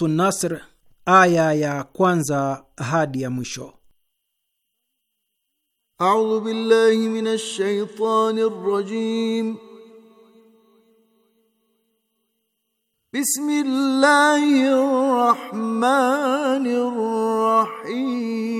Suratu Nasr aya ya kwanza hadi ya mwisho. A'udhu billahi minash shaitani rrajim. Bismillahir rahmanir rahim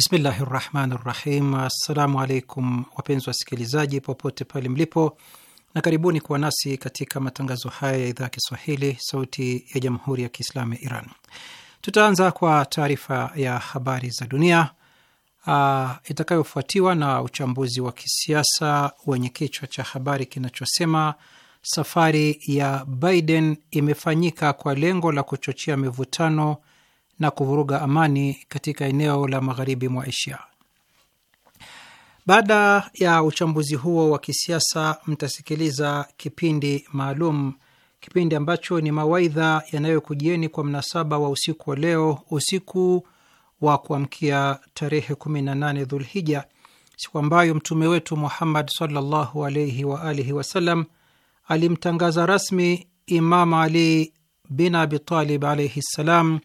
Bismillahi rahmani rahim. Assalamu alaikum wapenzi wasikilizaji popote pale mlipo, na karibuni kuwa nasi katika matangazo haya ya idhaa ya Kiswahili sauti ya jamhuri ya Kiislamu ya Iran. Tutaanza kwa taarifa ya habari za dunia uh, itakayofuatiwa na uchambuzi wa kisiasa wenye kichwa cha habari kinachosema safari ya Biden imefanyika kwa lengo la kuchochea mivutano na kuvuruga amani katika eneo la magharibi mwa Asia. Baada ya uchambuzi huo wa kisiasa, mtasikiliza kipindi maalum, kipindi ambacho ni mawaidha yanayokujieni kwa mnasaba wa usiku wa leo, usiku wa kuamkia tarehe 18 Dhulhija, siku ambayo mtume wetu Muhammad sallallahu alaihi wa alihi wasallam alimtangaza rasmi Imam Ali bin Abi Talib alaihi ssalam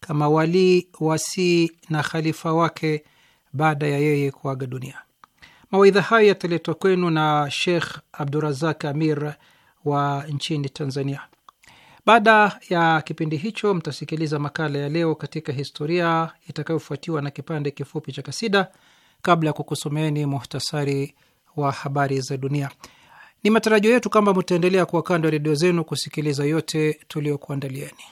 kama walii, wasii na khalifa wake baada ya yeye kuaga dunia. Mawaidha hayo yataletwa kwenu na Shekh Abdurazak Amir wa nchini Tanzania. Baada ya kipindi hicho, mtasikiliza makala ya leo katika historia itakayofuatiwa na kipande kifupi cha kasida kabla ya kukusomeeni muhtasari wa habari za dunia. Ni matarajio yetu kwamba mtaendelea kuwa kando ya redio zenu kusikiliza yote tuliokuandalieni.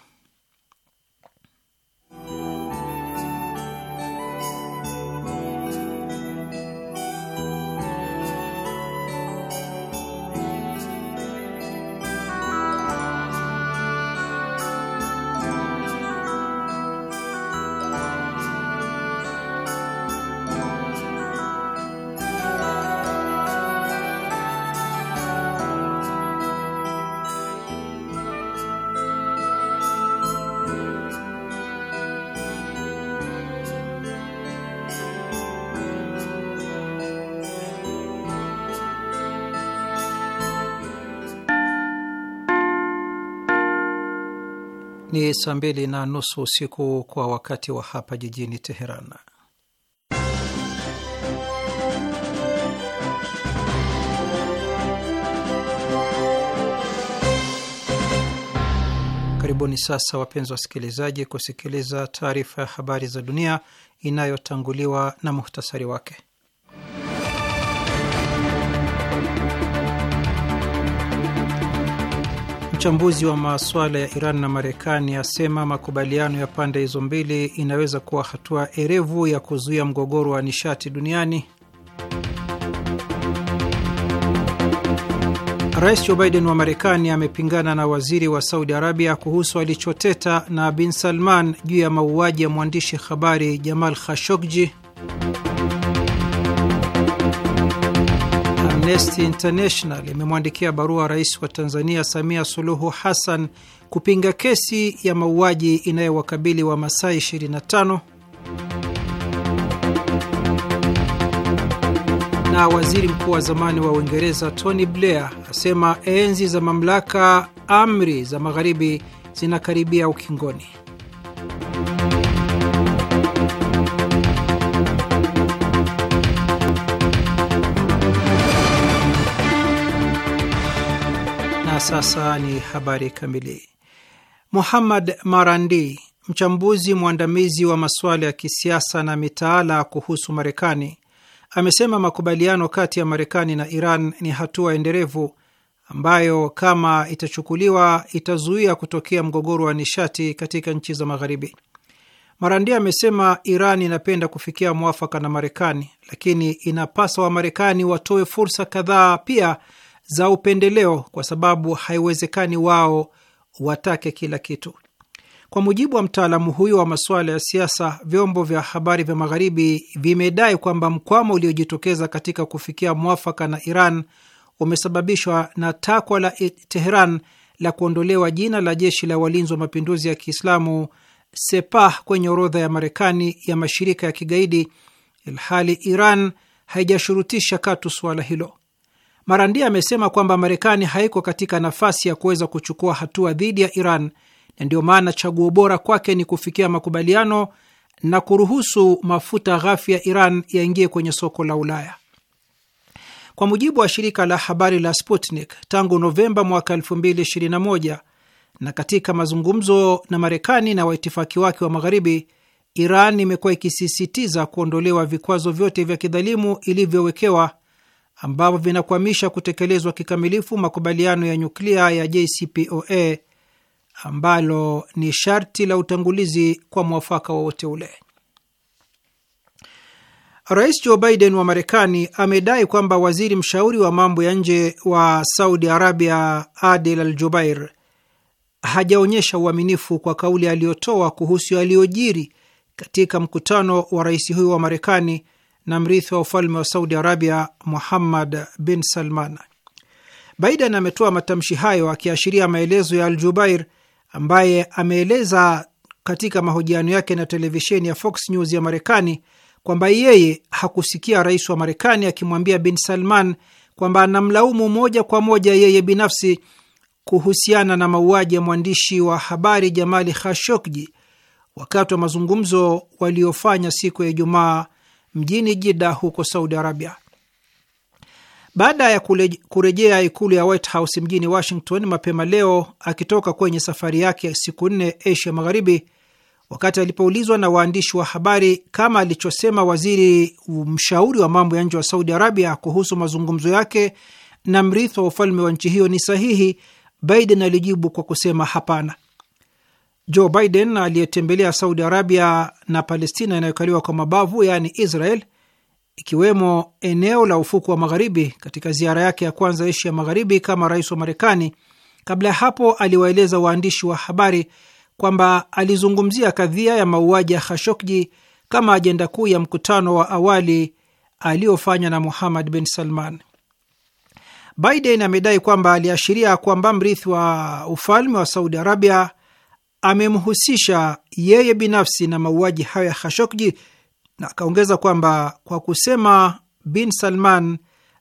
saa mbili na nusu usiku kwa wakati wa hapa jijini Teheran. Karibuni sasa, wapenzi wasikilizaji, kusikiliza taarifa ya habari za dunia inayotanguliwa na muhtasari wake. Mchambuzi wa masuala ya Iran na Marekani asema makubaliano ya pande hizo mbili inaweza kuwa hatua erevu ya kuzuia mgogoro wa nishati duniani. Rais Joe Biden wa Marekani amepingana na waziri wa Saudi Arabia kuhusu alichoteta na Bin Salman juu ya mauaji ya mwandishi habari Jamal Khashoggi. Amnesty International imemwandikia barua rais wa Tanzania Samia Suluhu Hassan kupinga kesi ya mauaji inayowakabili wa masai 25 na waziri mkuu wa zamani wa Uingereza Tony Blair asema enzi za mamlaka amri za magharibi zinakaribia ukingoni. sasa ni habari kamili. Muhammad Marandi, mchambuzi mwandamizi wa masuala ya kisiasa na mitaala kuhusu Marekani, amesema makubaliano kati ya Marekani na Iran ni hatua endelevu ambayo kama itachukuliwa itazuia kutokea mgogoro wa nishati katika nchi za Magharibi. Marandi amesema Iran inapenda kufikia mwafaka na Marekani, lakini inapaswa Wamarekani watoe fursa kadhaa pia za upendeleo, kwa sababu haiwezekani wao watake kila kitu. Kwa mujibu wa mtaalamu huyo wa masuala ya siasa, vyombo vya habari vya Magharibi vimedai kwamba mkwamo uliojitokeza katika kufikia mwafaka na Iran umesababishwa na takwa la Teheran la kuondolewa jina la jeshi la walinzi wa mapinduzi ya Kiislamu Sepah kwenye orodha ya Marekani ya mashirika ya kigaidi, ilhali Iran haijashurutisha katu suala hilo. Marandia amesema kwamba Marekani haiko katika nafasi ya kuweza kuchukua hatua dhidi ya Iran na ndiyo maana chaguo bora kwake ni kufikia makubaliano na kuruhusu mafuta ghafi ya Iran yaingie kwenye soko la Ulaya. Kwa mujibu wa shirika la habari la Sputnik, tangu Novemba mwaka 2021 na katika mazungumzo na Marekani na waitifaki wake wa Magharibi, Iran imekuwa ikisisitiza kuondolewa vikwazo vyote vya kidhalimu ilivyowekewa ambavyo vinakwamisha kutekelezwa kikamilifu makubaliano ya nyuklia ya JCPOA ambalo ni sharti la utangulizi kwa mwafaka wowote ule. Rais Joe Biden wa Marekani amedai kwamba waziri mshauri wa mambo ya nje wa Saudi Arabia Adel Al Jubair hajaonyesha uaminifu kwa kauli aliyotoa kuhusu aliyojiri katika mkutano wa rais huyo wa Marekani na mrithi wa ufalme wa Saudi Arabia Muhammad bin Salman. Biden ametoa matamshi hayo akiashiria maelezo ya Aljubair ambaye ameeleza katika mahojiano yake na televisheni ya Fox News ya Marekani kwamba yeye hakusikia rais wa Marekani akimwambia bin Salman kwamba anamlaumu moja kwa moja yeye binafsi kuhusiana na mauaji ya mwandishi wa habari Jamali Khashoggi wakati wa mazungumzo waliofanya siku ya Ijumaa mjini Jida huko Saudi Arabia. Baada ya kurejea ikulu ya White House mjini Washington mapema leo, akitoka kwenye safari yake ya siku nne Asia Magharibi, wakati alipoulizwa na waandishi wa habari kama alichosema waziri mshauri wa mambo ya nje wa Saudi Arabia kuhusu mazungumzo yake na mrithi wa ufalme wa nchi hiyo ni sahihi, Biden alijibu kwa kusema hapana. Joe Biden aliyetembelea Saudi Arabia na Palestina inayokaliwa kwa mabavu yaani Israel, ikiwemo eneo la ufuku wa magharibi katika ziara yake ya kwanza Asia ya magharibi kama rais wa Marekani. Kabla ya hapo, aliwaeleza waandishi wa habari kwamba alizungumzia kadhia ya mauaji ya Khashoggi kama ajenda kuu ya mkutano wa awali aliyofanywa na Muhammad bin Salman. Biden amedai kwamba aliashiria kwamba mrithi wa ufalme wa Saudi Arabia amemhusisha yeye binafsi na mauaji hayo ya Khashoggi na akaongeza kwamba kwa kusema bin Salman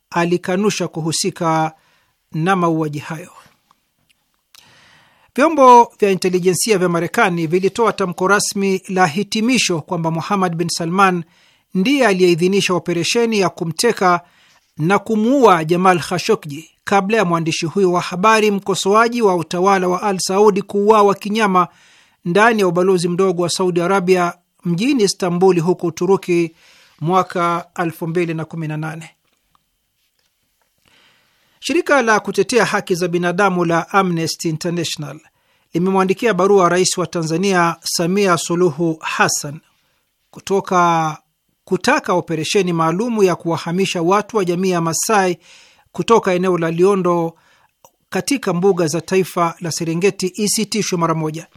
alikanusha kuhusika na mauaji hayo. Vyombo vya intelijensia vya Marekani vilitoa tamko rasmi la hitimisho kwamba Muhammad bin Salman ndiye aliyeidhinisha operesheni ya kumteka na kumuua Jamal Khashoggi kabla ya mwandishi huyo wa habari mkosoaji wa utawala wa Al Saudi kuuawa kinyama ndani ya ubalozi mdogo wa Saudi Arabia mjini Istanbuli huko Uturuki mwaka 2018. Shirika la kutetea haki za binadamu la Amnesty International limemwandikia barua rais wa Tanzania Samia Suluhu Hassan kutoka kutaka operesheni maalumu ya kuwahamisha watu wa jamii ya Masai kutoka eneo la Liondo katika mbuga za taifa la Serengeti isitishwe e mara moja.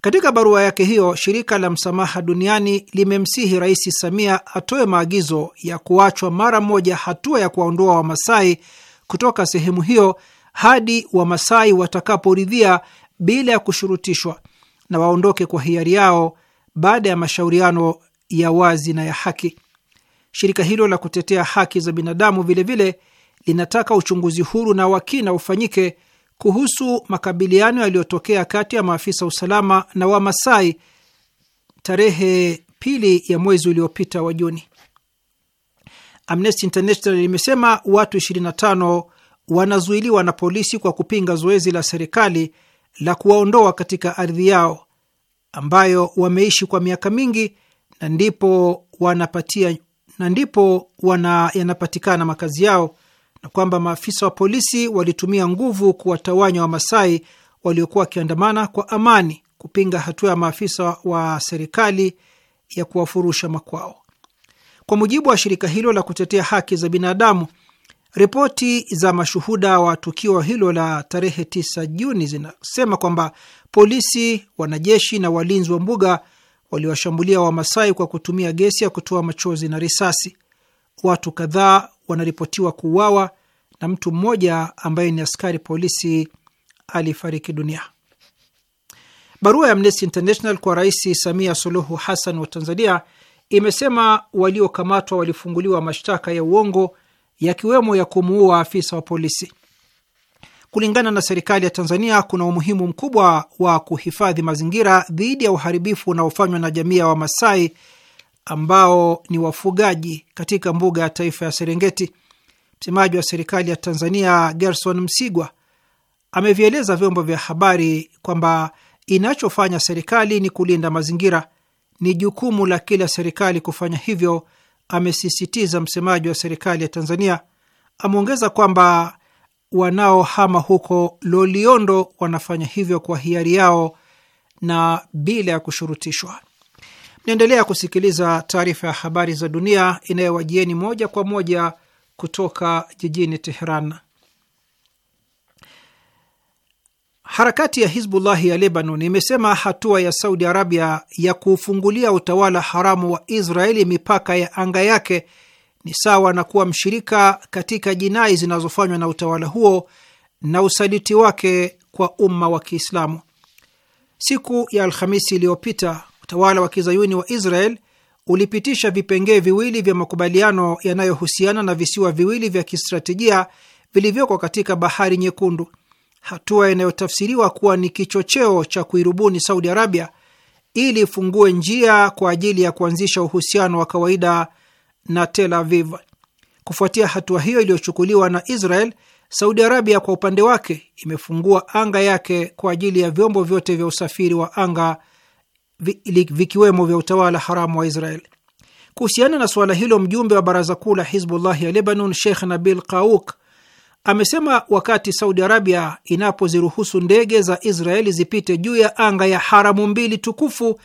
Katika barua yake hiyo, shirika la msamaha duniani limemsihi Rais Samia atoe maagizo ya kuachwa mara moja hatua ya kuwaondoa Wamasai kutoka sehemu hiyo hadi Wamasai watakaporidhia bila ya kushurutishwa na waondoke kwa hiari yao baada ya mashauriano ya wazi na ya haki. Shirika hilo la kutetea haki za binadamu vilevile linataka uchunguzi huru na wakina ufanyike kuhusu makabiliano yaliyotokea kati ya maafisa usalama na Wamasai tarehe pili ya mwezi uliopita wa Juni. Amnesty International limesema watu 25 wanazuiliwa na polisi kwa kupinga zoezi la serikali la kuwaondoa katika ardhi yao ambayo wameishi kwa miaka mingi na ndipo wanapatia na ndipo wana yanapatikana makazi yao na kwamba maafisa wa polisi walitumia nguvu kuwatawanya Wamasai waliokuwa wakiandamana kwa amani kupinga hatua ya maafisa wa serikali ya kuwafurusha makwao. Kwa mujibu wa shirika hilo la kutetea haki za binadamu, ripoti za mashuhuda wa tukio hilo la tarehe 9 Juni zinasema kwamba polisi, wanajeshi na walinzi wa mbuga waliwashambulia Wamasai kwa kutumia gesi ya kutoa machozi na risasi. Watu kadhaa wanaripotiwa kuuawa na mtu mmoja ambaye ni askari polisi alifariki dunia. Barua ya Amnesty International kwa Rais Samia Suluhu Hassan wa Tanzania imesema waliokamatwa walifunguliwa mashtaka ya uongo yakiwemo ya kumuua afisa wa polisi. Kulingana na serikali ya Tanzania, kuna umuhimu mkubwa wa kuhifadhi mazingira dhidi ya uharibifu unaofanywa na jamii ya Wamasai ambao ni wafugaji katika mbuga ya taifa ya Serengeti. Msemaji wa serikali ya Tanzania Gerson Msigwa amevieleza vyombo vya habari kwamba inachofanya serikali ni kulinda mazingira, ni jukumu la kila serikali kufanya hivyo, amesisitiza msemaji wa serikali ya Tanzania. Ameongeza kwamba wanaohama huko Loliondo wanafanya hivyo kwa hiari yao na bila ya kushurutishwa. Mnaendelea kusikiliza taarifa ya habari za dunia inayowajieni moja kwa moja kutoka jijini Teheran. Harakati ya Hizbullahi ya Lebanon imesema hatua ya Saudi Arabia ya kuufungulia utawala haramu wa Israeli mipaka ya anga yake ni sawa na kuwa mshirika katika jinai zinazofanywa na utawala huo na usaliti wake kwa umma wa Kiislamu. Siku ya Alhamisi iliyopita utawala wa kizayuni wa Israel ulipitisha vipengee viwili vya makubaliano yanayohusiana na visiwa viwili vya kistratejia vilivyoko katika bahari Nyekundu, hatua inayotafsiriwa kuwa ni kichocheo cha kuirubuni Saudi Arabia ili ifungue njia kwa ajili ya kuanzisha uhusiano wa kawaida na Tel Aviv. Kufuatia hatua hiyo iliyochukuliwa na Israel, Saudi Arabia kwa upande wake imefungua anga yake kwa ajili ya vyombo vyote vya usafiri wa anga vikiwemo vya utawala haramu wa Israel. Kuhusiana na suala hilo, mjumbe wa baraza kuu la Hizbullah ya Lebanon, Sheikh Nabil Qauk, amesema wakati Saudi Arabia inapoziruhusu ndege za Israeli zipite juu ya anga ya haramu mbili tukufu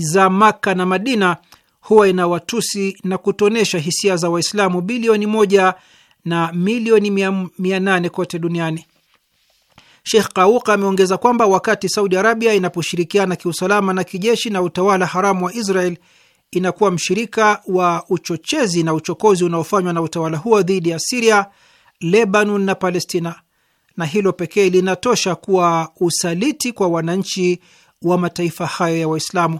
za makka na Madina, huwa inawatusi na kutonesha hisia za Waislamu bilioni moja na milioni mia nane kote duniani. Sheikh Kauka ameongeza kwamba wakati Saudi Arabia inaposhirikiana kiusalama na kijeshi na utawala haramu wa Israel inakuwa mshirika wa uchochezi na uchokozi unaofanywa na utawala huo dhidi ya Siria, Lebanon na Palestina, na hilo pekee linatosha kuwa usaliti kwa wananchi wa mataifa hayo ya Waislamu.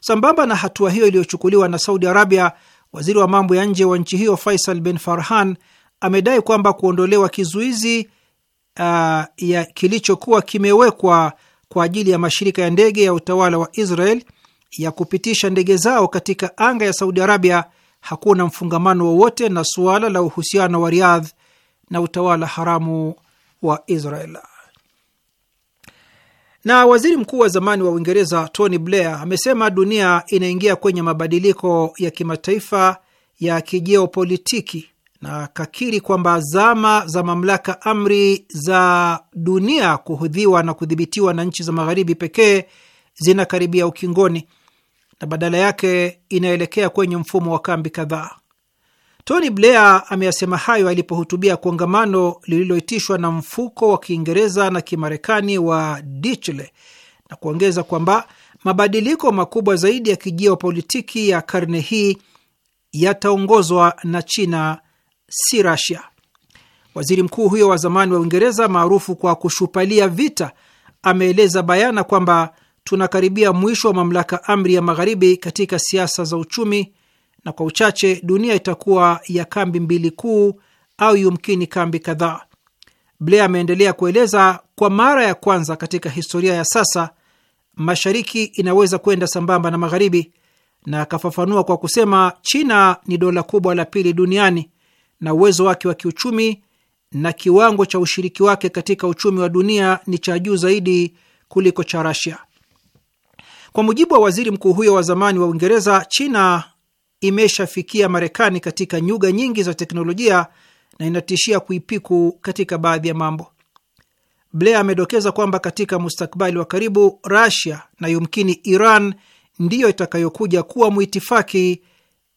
Sambamba na hatua hiyo iliyochukuliwa na Saudi Arabia, waziri wa mambo ya nje wa nchi hiyo Faisal bin Farhan amedai kwamba kuondolewa kizuizi uh, ya kilichokuwa kimewekwa kwa ajili ya mashirika ya ndege ya utawala wa Israel ya kupitisha ndege zao katika anga ya Saudi Arabia hakuna mfungamano wowote na suala la uhusiano wa Riyadh na utawala haramu wa Israel. Na waziri mkuu wa zamani wa Uingereza Tony Blair amesema dunia inaingia kwenye mabadiliko ya kimataifa ya kijiopolitiki na kakiri kwamba zama za mamlaka amri za dunia kuhudhiwa na kudhibitiwa na nchi za magharibi pekee zinakaribia ukingoni na badala yake inaelekea kwenye mfumo wa kambi kadhaa. Tony Blair ameyasema hayo alipohutubia kongamano lililoitishwa na mfuko wa Kiingereza na Kimarekani wa Dichle na kuongeza kwamba mabadiliko makubwa zaidi ya kijiopolitiki ya karne hii yataongozwa na China si Rasia. Waziri mkuu huyo wa zamani wa Uingereza, maarufu kwa kushupalia vita, ameeleza bayana kwamba tunakaribia mwisho wa mamlaka amri ya magharibi katika siasa za uchumi, na kwa uchache dunia itakuwa ya kambi mbili kuu au yumkini kambi kadhaa. Blair ameendelea kueleza, kwa mara ya kwanza katika historia ya sasa mashariki inaweza kwenda sambamba na magharibi, na akafafanua kwa kusema, China ni dola kubwa la pili duniani na uwezo wake wa kiuchumi na kiwango cha ushiriki wake katika uchumi wa dunia ni cha juu zaidi kuliko cha Rasia. Kwa mujibu wa waziri mkuu huyo wa zamani wa Uingereza, China imeshafikia Marekani katika nyuga nyingi za teknolojia na inatishia kuipiku katika baadhi ya mambo. Blair amedokeza kwamba katika mustakbali wa karibu, Rasia na yumkini Iran ndiyo itakayokuja kuwa mwitifaki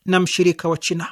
na mshirika wa China.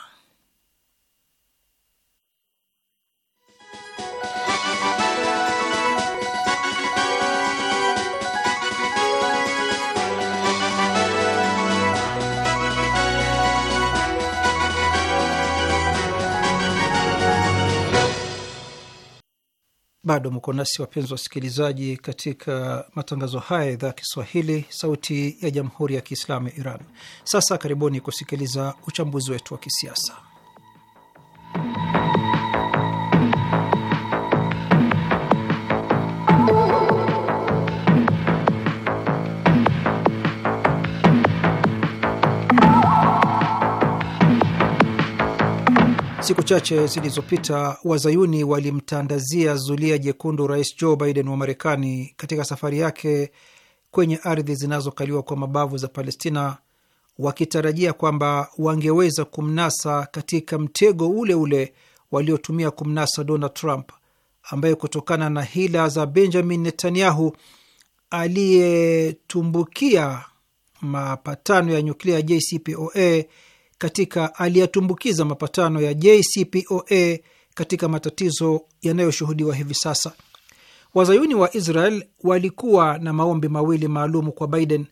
Bado mko nasi wapenzi wasikilizaji, katika matangazo haya ya idhaa ya Kiswahili, sauti ya jamhuri ya kiislamu ya Iran. Sasa karibuni kusikiliza uchambuzi wetu wa kisiasa. Siku chache zilizopita wazayuni walimtandazia zulia jekundu rais Joe Biden wa Marekani katika safari yake kwenye ardhi zinazokaliwa kwa mabavu za Palestina, wakitarajia kwamba wangeweza kumnasa katika mtego ule ule waliotumia kumnasa Donald Trump, ambaye kutokana na hila za Benjamin Netanyahu aliyetumbukia mapatano ya nyuklia JCPOA katika aliyatumbukiza mapatano ya JCPOA katika matatizo yanayoshuhudiwa hivi sasa. Wazayuni wa Israel walikuwa na maombi mawili maalum kwa Biden.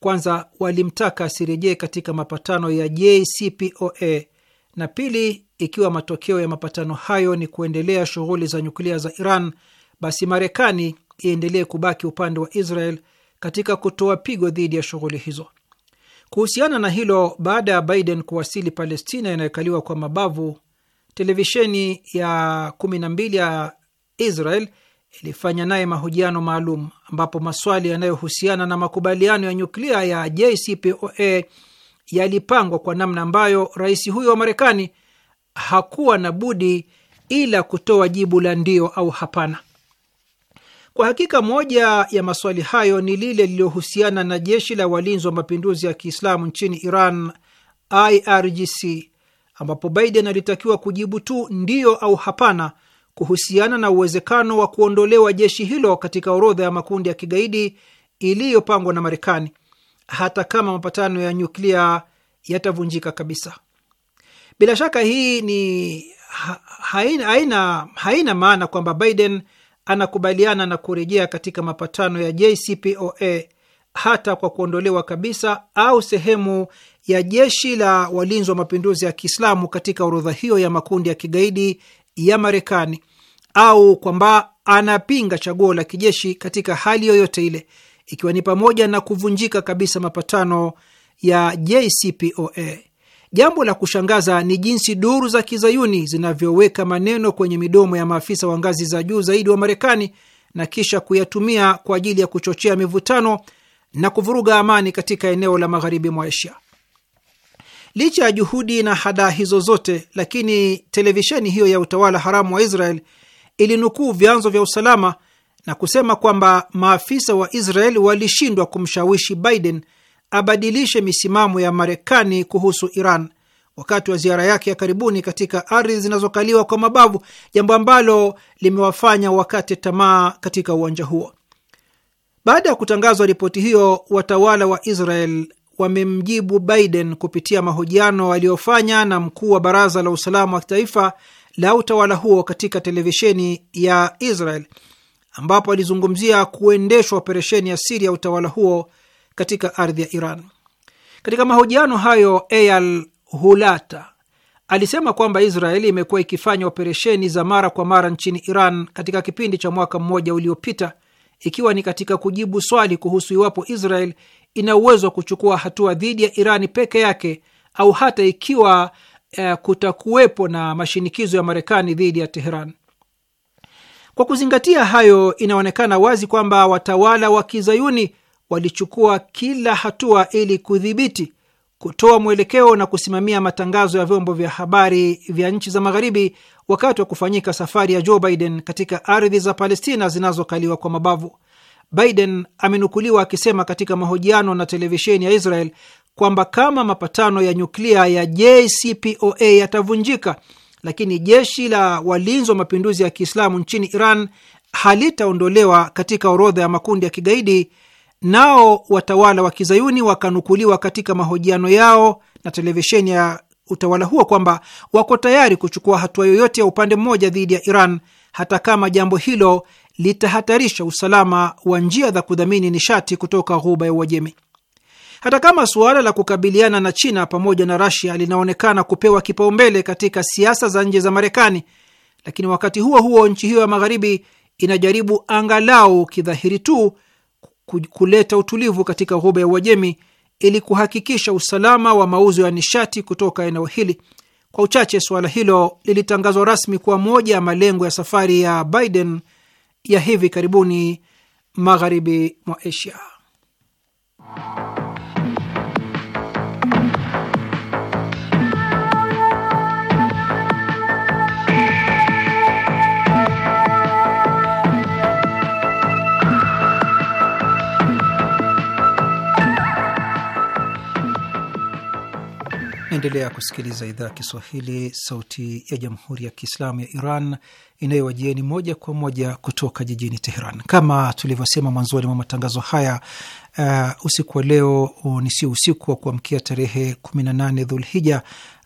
Kwanza, walimtaka asirejee katika mapatano ya JCPOA na pili, ikiwa matokeo ya mapatano hayo ni kuendelea shughuli za nyuklia za Iran, basi Marekani iendelee kubaki upande wa Israel katika kutoa pigo dhidi ya shughuli hizo. Kuhusiana na hilo, baada ya Biden kuwasili Palestina inayokaliwa kwa mabavu, televisheni ya kumi na mbili ya Israel ilifanya naye mahojiano maalum ambapo maswali yanayohusiana na makubaliano ya nyuklia ya JCPOA yalipangwa kwa namna ambayo rais huyo wa Marekani hakuwa na budi ila kutoa jibu la ndio au hapana. Kwa hakika moja ya maswali hayo ni lile lililohusiana na jeshi la walinzi wa mapinduzi ya Kiislamu nchini Iran, IRGC, ambapo Biden alitakiwa kujibu tu ndiyo au hapana kuhusiana na uwezekano wa kuondolewa jeshi hilo katika orodha ya makundi ya kigaidi iliyopangwa na Marekani, hata kama mapatano ya nyuklia yatavunjika kabisa. Bila shaka hii ni haina, haina, haina maana kwamba Biden anakubaliana na kurejea katika mapatano ya JCPOA hata kwa kuondolewa kabisa au sehemu ya jeshi la walinzi wa mapinduzi ya Kiislamu katika orodha hiyo ya makundi ya kigaidi ya Marekani au kwamba anapinga chaguo la kijeshi katika hali yoyote ile, ikiwa ni pamoja na kuvunjika kabisa mapatano ya JCPOA. Jambo la kushangaza ni jinsi duru za kizayuni zinavyoweka maneno kwenye midomo ya maafisa wa ngazi za juu zaidi wa Marekani na kisha kuyatumia kwa ajili ya kuchochea mivutano na kuvuruga amani katika eneo la magharibi mwa Asia. Licha ya juhudi na hadaa hizo zote, lakini televisheni hiyo ya utawala haramu wa Israel ilinukuu vyanzo vya usalama na kusema kwamba maafisa wa Israel walishindwa kumshawishi Biden abadilishe misimamo ya Marekani kuhusu Iran wakati wa ziara yake ya karibuni katika ardhi zinazokaliwa kwa mabavu, jambo ambalo limewafanya wakate tamaa katika uwanja huo. Baada ya kutangazwa ripoti hiyo, watawala wa Israel wamemjibu Biden kupitia mahojiano aliyofanya na mkuu wa baraza la usalama wa kitaifa la utawala huo katika televisheni ya Israel, ambapo alizungumzia kuendeshwa operesheni ya siri ya utawala huo katika ardhi ya Iran. Katika mahojiano hayo, Eyal Hulata alisema kwamba Israeli imekuwa ikifanya operesheni za mara kwa mara nchini Iran katika kipindi cha mwaka mmoja uliopita, ikiwa ni katika kujibu swali kuhusu iwapo Israel ina uwezo wa kuchukua hatua dhidi ya Irani peke yake au hata ikiwa eh, kutakuwepo na mashinikizo ya Marekani dhidi ya Teheran. Kwa kuzingatia hayo, inaonekana wazi kwamba watawala wa kizayuni walichukua kila hatua ili kudhibiti, kutoa mwelekeo na kusimamia matangazo ya vyombo vya habari vya nchi za Magharibi wakati wa kufanyika safari ya Joe Biden katika ardhi za Palestina zinazokaliwa kwa mabavu. Biden amenukuliwa akisema katika mahojiano na televisheni ya Israel kwamba kama mapatano ya nyuklia ya JCPOA yatavunjika, lakini jeshi la walinzi wa mapinduzi ya Kiislamu nchini Iran halitaondolewa katika orodha ya makundi ya kigaidi Nao watawala wa kizayuni wakanukuliwa katika mahojiano yao na televisheni ya utawala huo kwamba wako tayari kuchukua hatua yoyote ya upande mmoja dhidi ya Iran hata kama jambo hilo litahatarisha usalama wa njia za kudhamini nishati kutoka ghuba ya Uajemi. Hata kama suala la kukabiliana na China pamoja na Rasia linaonekana kupewa kipaumbele katika siasa za nje za Marekani, lakini wakati huo huo nchi hiyo ya magharibi inajaribu angalau kidhahiri tu kuleta utulivu katika ghuba ya Uajemi ili kuhakikisha usalama wa mauzo ya nishati kutoka eneo hili. Kwa uchache, suala hilo lilitangazwa rasmi kuwa moja ya malengo ya safari ya Biden ya hivi karibuni magharibi mwa Asia. Naendelea kusikiliza idhaa ya Kiswahili, sauti ya jamhuri ya kiislamu ya Iran inayowajieni moja kwa moja kutoka jijini Teheran. Kama tulivyosema mwanzoni mwa matangazo haya, uh, usiku wa leo uh, ni sio usiku wa kuamkia tarehe 18 Dhulhija,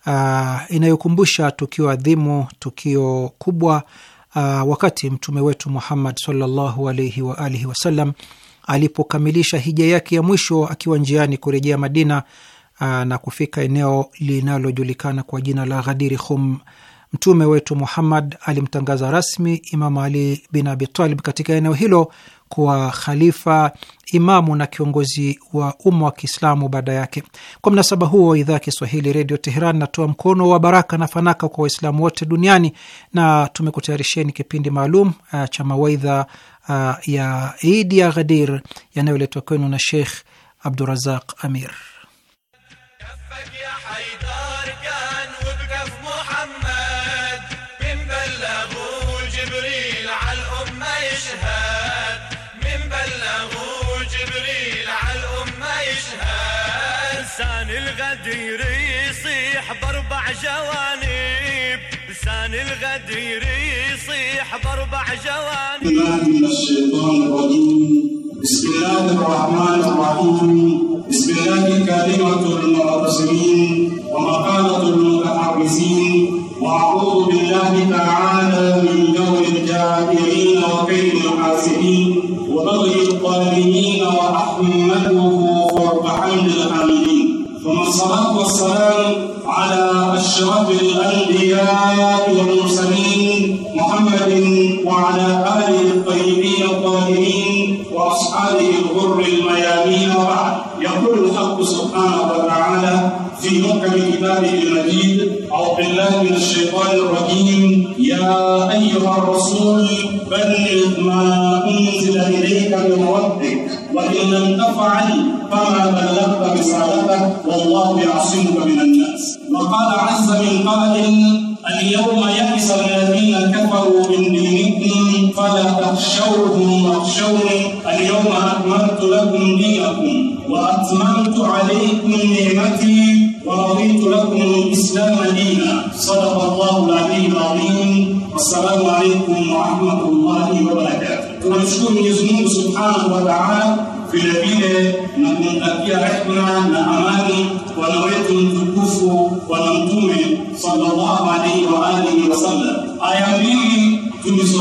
uh, inayokumbusha tukio adhimu, tukio kubwa, uh, wakati mtume wetu Muhammad sallallahu alaihi wa alihi wasallam alipokamilisha hija yake ya mwisho akiwa njiani kurejea Madina Ah, na kufika eneo linalojulikana kwa jina la Ghadiri Khum. Mtume wetu Muhammad alimtangaza rasmi Imam Ali bin Abi Talib katika eneo hilo kuwa khalifa, imamu na kiongozi wa umma wa Kiislamu baada yake. Kwa mnasaba huo, idhaa ya Kiswahili Redio Teheran natoa mkono wa baraka na fanaka kwa Waislamu wote duniani na tumekutayarisheni kipindi maalum ah, cha mawaidha ah, ya Idi ya Ghadir yanayoletwa kwenu na Sheikh Abdurazaq Amir. يا حيدار كان محمد من جبريل على الأمة يشهد من جبريل على الأمة يشهد لسان الغدير يصيح بأربع جوانب لسان الغدير يصيح بأربع جوانب الشيطان بسم الله الرحمن الرحيم بسم الله كلمة المعتصمين ومقالة المتحرزين وأعوذ بالله تعالى من جور الجاهلين وكيد الحاسدين وبغي الظالمين وأحمده فوق حمد الحامدين ثم الصلاة والسلام على أشرف الأنبياء والمرسلين محمد وعلى آله سبحانه وتعالى في محكم كتابه المجيد أعوذ بالله من الشيطان الرجيم يا أيها الرسول بلغ ما أنزل إليك من ربك وإن لم تفعل فما بلغت رسالته والله يعصمك من الناس وقال عز من قائل اليوم يئس الذين كفروا من دينكم فلا تخشوهم واخشوني اليوم أكملت لكم دينكم وأتممت عليكم نعمتي ورضيت لكم الإسلام دينا صدق الله العلي العظيم والسلام عليكم ورحمة الله وبركاته ونشكر يزمون سبحانه وتعالى في الذين نكون أبيا رحمنا نعمان ونويت الكفوف ونمتوم صلى الله عليه وآله وسلم آية ميلي تنزل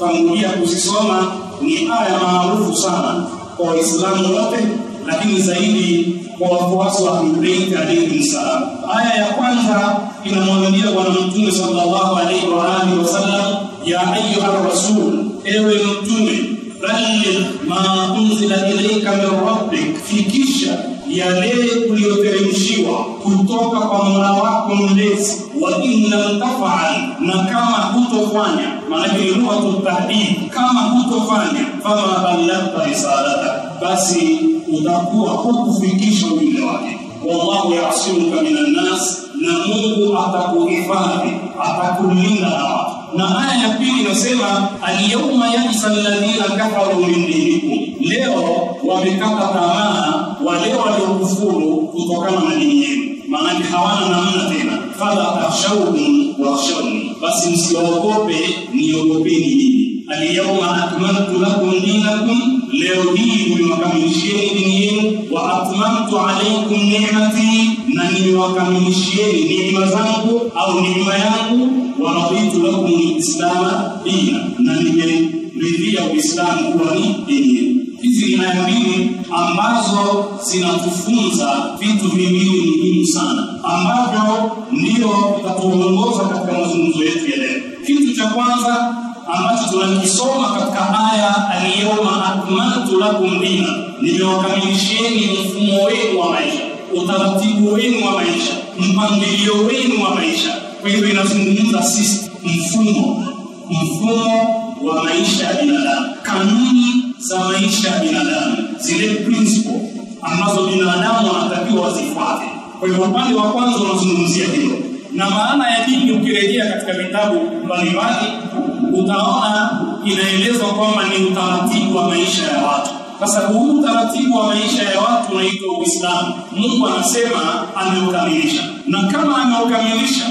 تنبيه كسيسوما ni aya maarufu sana kwa waislamu wote lakini zaidi kwa wafuasi wa Ahlulbeiti alayhi salam. Aya ya kwanza inamwambia Bwana Mtume sallallahu alayhi wa alihi wasallam, ya ayyuha rasul, ewe Mtume, balligh ma unzila ilayka min rabbik, fikisha yale uliyoteremshiwa kutoka kwa Mola wako Mlezi. Wa in lam tafal, na kama hutofanya, maana ni lugha tahdid, kama hutofanya, fama ballagta risalata, basi utakuwa hukufikisha ujumbe wake. Wallahu yasimuka min nas, na Mungu atakuhifadhi atakulinda na watu. Na aya ya pili inasema alyawma ya'sa alladhina kafaru min dinikum, leo wamekata tamaa wale waliokufuru kutokana na dini yenu, maana hawana namna tena. Fala takhshawni wakhshawni, basi msiogope niogopeni mimi. Alyawma akmaltu lakum dinakum leo hii niwakamilishieni dini yenu, wa atmamtu alaikum ni'mati, na niliwakamilishieni neema zangu au neema yangu, wa raditu lakum lislama dina, na nimeridhia Uislamu kuwa ni dini yenu. Hizi ni aya mbili ambazo zinatufunza vitu viwili muhimu sana, ambavyo ndio vitatuongoza katika mazungumzo yetu ya leo. Kitu cha kwanza ambacho tunakisoma katika aya alyawma akmaltu lakum dina, nimewakamilishieni mfumo wenu wa maisha, utaratibu wenu wa maisha, mpangilio wenu wa maisha. Kwa hivyo inazungumza sisi mfumo, mfumo wa maisha ya binadamu, kanuni za maisha ya binadamu, zile principle ambazo binadamu wanatakiwa wazifuate. Kwa hivyo upande wa kwanza unazungumzia hilo na maana ya dini ukirejea katika vitabu mbalimbali utaona inaelezwa kwamba ni utaratibu wa maisha ya watu sasa huu utaratibu wa maisha ya watu unaitwa Uislamu. Mungu anasema ameukamilisha, na kama ameukamilisha,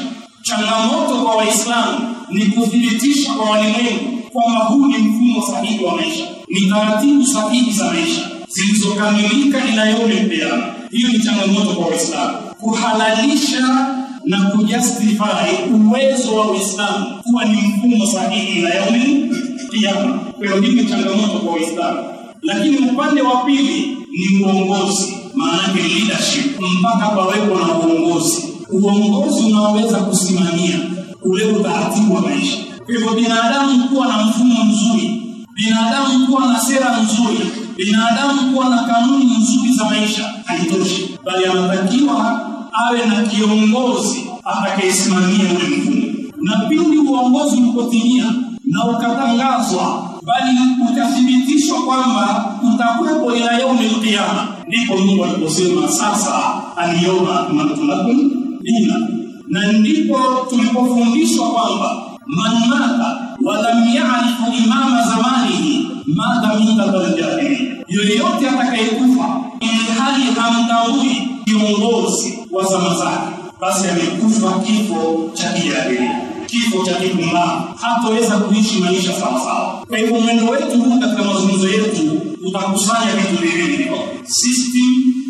changamoto kwa Waislamu ni kuthibitisha kwa walimwengu kwamba huu ni mfumo sahihi wa maisha, ni taratibu sahihi za maisha zilizokamilika ila mpeana Hiyo ni changamoto kwa Waislamu kuhalalisha na kujustify uwezo wa Uislamu kuwa ni mfumo sahihi la yaumi kiyama. Kwa hiyo hii ni changamoto kwa Uislamu, lakini upande wa pili ni uongozi, maanake leadership, mpaka pawepo na uongozi, uongozi unaoweza kusimamia ule utaratibu wa maisha. Kwa hivyo binadamu kuwa na mfumo mzuri, binadamu kuwa na sera nzuri, binadamu kuwa na kanuni nzuri za maisha haitoshi, bali anatakiwa awe na kiongozi atakayesimamia ule mfumo, na pindi uongozi ulipotimia na ukatangazwa, bali utathibitishwa kwamba utakuwepo ila yaumil qiyama, ndipo Mungu aliposema sasa, aliyoma akmaltu lakum dina, na ndipo tulipofundishwa kwamba man mata walam yarifu imama zamanihi mata mintatal jahili, yoyote atakayekufa ili hali hamtambui kiongozi wa zama zake, basi amekufa kifo cha kijahilia, kifo cha kipumbavu, hatoweza kuishi maisha sawasawa. Kwa hivyo mwendo wetu huu katika mazungumzo yetu utakusanya vitu viwili hivyo: system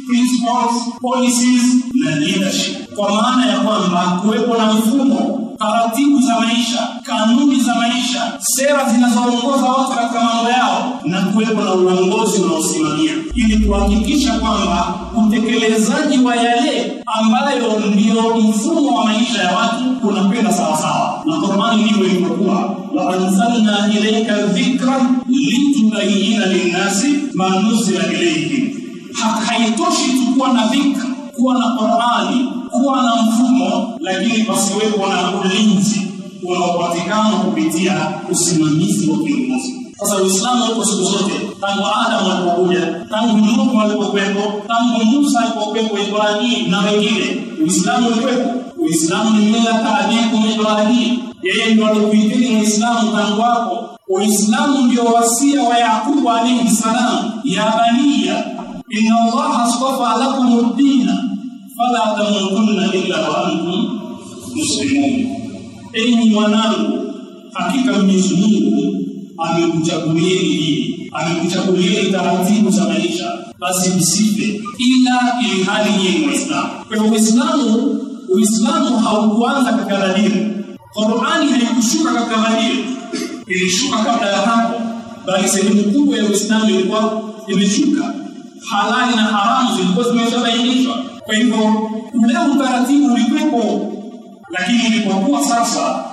principles, policies na leadership, kwa maana ya kwamba kuwepo na mfumo taratibu za maisha, kanuni za maisha, sera zinazoongoza watu katika mambo yao, na kuwepo na uongozi unaosimamia, ili kuhakikisha kwamba utekelezaji wa yale ambayo ndio mfumo wa maisha ya watu unakwenda sawasawa. Na Qur'ani ndivyo ilivyokuwa, wa anzalna ilayka dhikra litubayina linnasi ma nuzila ilayhim. Haitoshi tu kuwa na dhikra, kuwa na Qur'ani kuwa na mfumo lakini pasiwepo na ulinzi unaopatikana kupitia usimamizi wa kiongozi. Sasa Uislamu uko siku zote, tangu Adamu alipokuja, tangu Nuhu alipokuwepo, tangu Musa alipokuwepo, Ibrahim na wengine, Uislamu ulikuwepo. Uislamu ni millata abikum Ibrahim, yeye ndio alikuitini Uislamu tangu hapo. Uislamu ndio wasia wa yakubu alaihi salam, ya baniya inna allaha astafa lakum dina fala tamutunna illa wa antum muslimun, enyi mwanangu, hakika Mwenyezi Mungu amekuchagulieni dini, amekuchagulieni taratibu za maisha, basi msife ila ili hali yenu Waislamu. Kwa hivyo Uislamu, Uislamu haukuanza katika nadira. Qur'ani haikushuka katika nadira, ilishuka kabla ya hapo, bali sehemu kubwa ya Uislamu ilikuwa imeshuka. Halali na haramu zilikuwa zimeshabainishwa kwa hivyo ule utaratibu ulikuwepo, lakini ulipokuwa sasa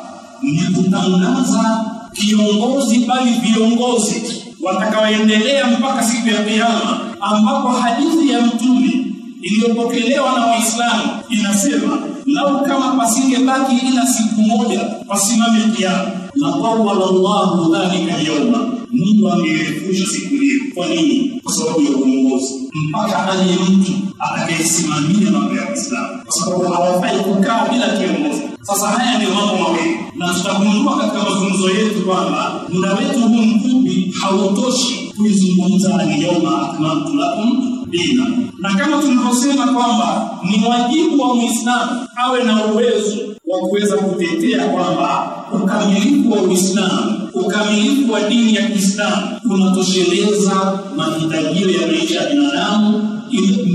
ni kutangaza kiongozi, bali viongozi watakaoendelea mpaka siku ya Kiyama, ambapo hadithi ya Mtume iliyopokelewa na Waislamu inasema lau kama baki ila siku moja pasimame Kiyama, laqawwala Allahu dhalika lyauma yawma mtu amerefushwa siku hiyo. Kwa nini? Kwa sababu ya uongozi, mpaka aje mtu atakayesimamia mambo ya Uislamu, kwa sababu hawafai kukaa bila kiongozi. Sasa haya ndio mambo mawili, na tutagundua katika mazungumzo yetu kwamba muda wetu huu mfupi hautoshi kuizungumza al-yawma akmaltu lakum dina, na kama tunavyosema kwamba ni wajibu wa Muislamu awe na uwezo wa kuweza kutetea kwamba ukamilifu wa Uislamu ukamilifu wa dini ya Kiislamu unatosheleza mahitajio ya maisha ya binadamu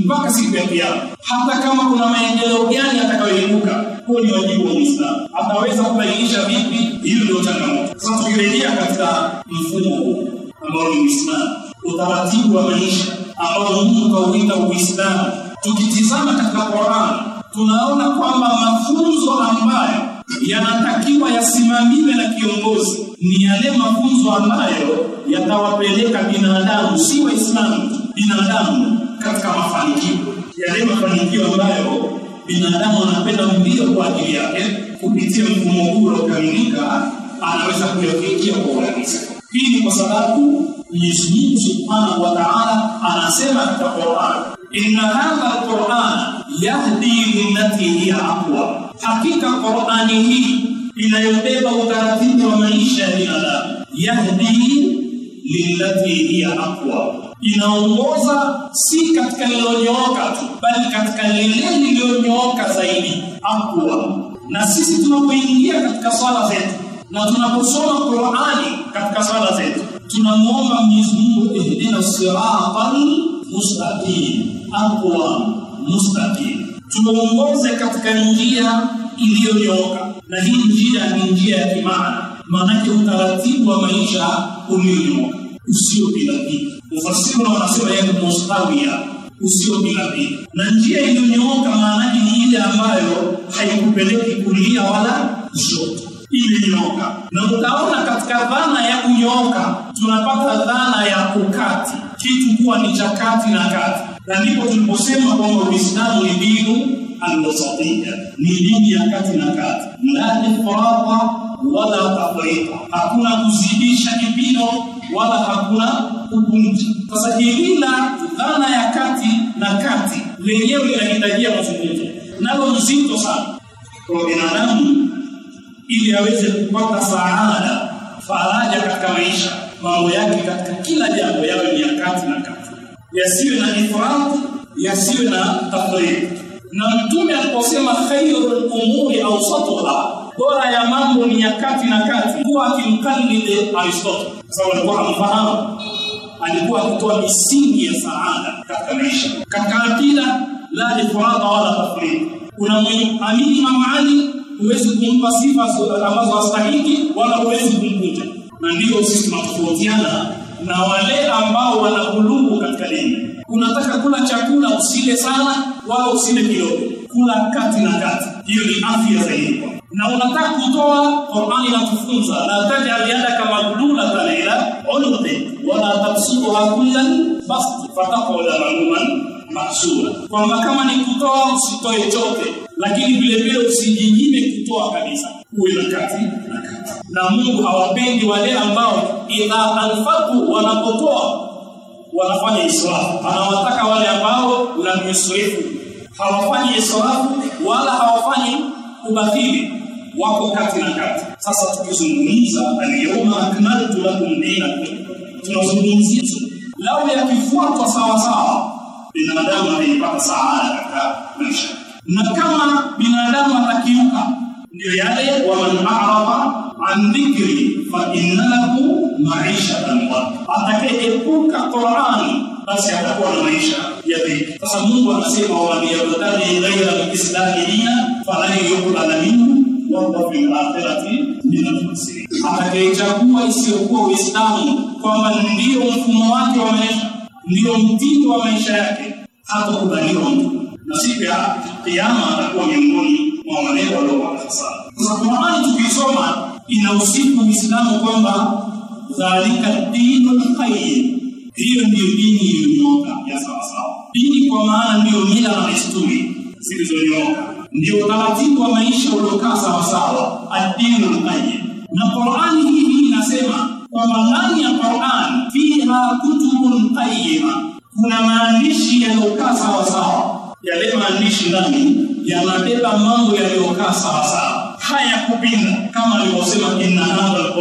mpaka siku ya Kiyama. Hata kama kuna maendeleo gani atakayoibuka, huo ni wajibu wa Muislamu. Ataweza kubainisha vipi? Hiyo ndio changamoto. Sasa tukirejea katika mfumo huu ambao ni Uislamu, utaratibu wa maisha ambao Mungu kauita Uislamu, tukitizama katika Qur'an tunaona kwamba mafunzo ambayo yanatakiwa yasimamiwe na kiongozi ni yale mafunzo ambayo yatawapeleka binadamu, si Waislamu, binadamu katika mafanikio, yale mafanikio ambayo binadamu anapenda mbio kwa ajili yake. Kupitia mfumo huu unaokamilika, anaweza kuyafikia kwa urahisi. Hii ni kwa sababu mwenyezimungu Subhanahu wa Ta'ala anasema katika Qur'an, inna hadha alquran yahdi lilati hiya aqwa, hakika Qur'ani hii inayobeba utaratibu wa maisha ya binadamu yahdi lilati hiya aqwa inaongoza si katika lililonyooka tu bali katika lile lililonyooka zaidi aqwa na sisi tunapoingia katika swala zetu na tunaposoma Qur'ani katika swala zetu tunamwomba Mwenyezi Mungu ihdina siratan mustaqim aqwa mustaqim tuongoze katika njia iliyonyooka, na hii njia ni njia ya kimana maanake utaratibu wa maisha uliyonyoka usio bilabila. Mufasiri wanasema yeye mustawia, usio bilabila, na njia iliyonyooka maanake ni ile ambayo haikupeleki kulia wala kushoto ilinyoka Na utaona katika dhana ya kunyoka tunapata dhana ya kukati kitu kuwa ni cha kati na kati, na ndipo tuliposema kwamba Uislamu ni dini alwasatiya ni dini ya kati na kati, la ifrata wala tafrita, hakuna kuzidisha kipimo wala hakuna kupunguza. Sasa ilila dhana ya kati na kati lenyewe linahitajia mazungumzo, nalo mzito sana kwa binadamu ili aweze kupata saada faraja katika maisha, mambo yake katika kila jambo yawe ni ya kati na kati, yasiwe na ifrati, yasiwe na tafriti na mtume aliposema al umuri awsatuha, bora ya mambo ni ya kati na kati, kuwa akimkalidi Aristotle kwa sababu alikuwa amfahamu. Alikuwa akitoa misingi ya saada katika maisha, katika akida la ifrata wala tafriti. Kuna mwenyeamini Imam Ali huwezi kumpa sifa ambazo hastahiki wala huwezi kumkuta, na ndio sisi tunatofautiana na wale ambao wanakulungu katika dini Unataka kula chakula, usile sana wala usile kidogo, kula kati na kati, hiyo ni afya zaidi. Na unataka kutoa, Qur'ani inatufunza la tajal kama maglulatan ila unuqi wala tabsutuha kullan bast fataqula maluman mahsura, kwamba kama ni kutoa usitoe chote, lakini vile vile usijinyime kutoa kabisa, uwe na kati na kati. Na Mungu hawapendi wale ambao idha anfaqu, wanapotoa wanafanya israfu anawataka wale ambao lam hawafanyi israfu wala hawafanyi ubadhili wako kati na kati sasa tukizungumza alyawma akmaltu lakum dinakum tunazungumzia lao yakifuatwa sawasawa binadamu ataipata saada katika maisha na kama binadamu atakiuka ndio yale wa man araba an dhikri fa inna lahu maisha yanampata. Atakayeepuka Qur'ani basi atakuwa na maisha ya dhiki. Sasa Mungu anasema wa yabtaghi ghaira al-islami dina falan yuqbala minhu wa huwa fi al akhirati min al-khasirin. Atakayechagua isiyokuwa Uislamu kwamba ndio mfumo wake wa maisha, ndio mtindo wa maisha yake, hatakubaliwa mtu na siku ya kiyama atakuwa miongoni mwa wale waliopata hasara. Sasa Qur'ani tukisoma inausifu Uislamu kwamba dhalika dinu qayyim, hiyo ndiyo dini iliyonyooka ya sawasawa. Dini kwa maana ndiyo mila na desturi zilizonyoka, ndio utaratibu wa maisha uliokaa sawasawa, ad-dinul qayyim. Na Qur'ani hii inasema kwamba ndani ya Qur'an fiha kutubun qayyima, kuna maandishi yaliyokaa sawasawa. Yale maandishi ndani yanabeba mambo yaliyokaa sawasawa, hayakupinda kama alivyosema, inna hadha al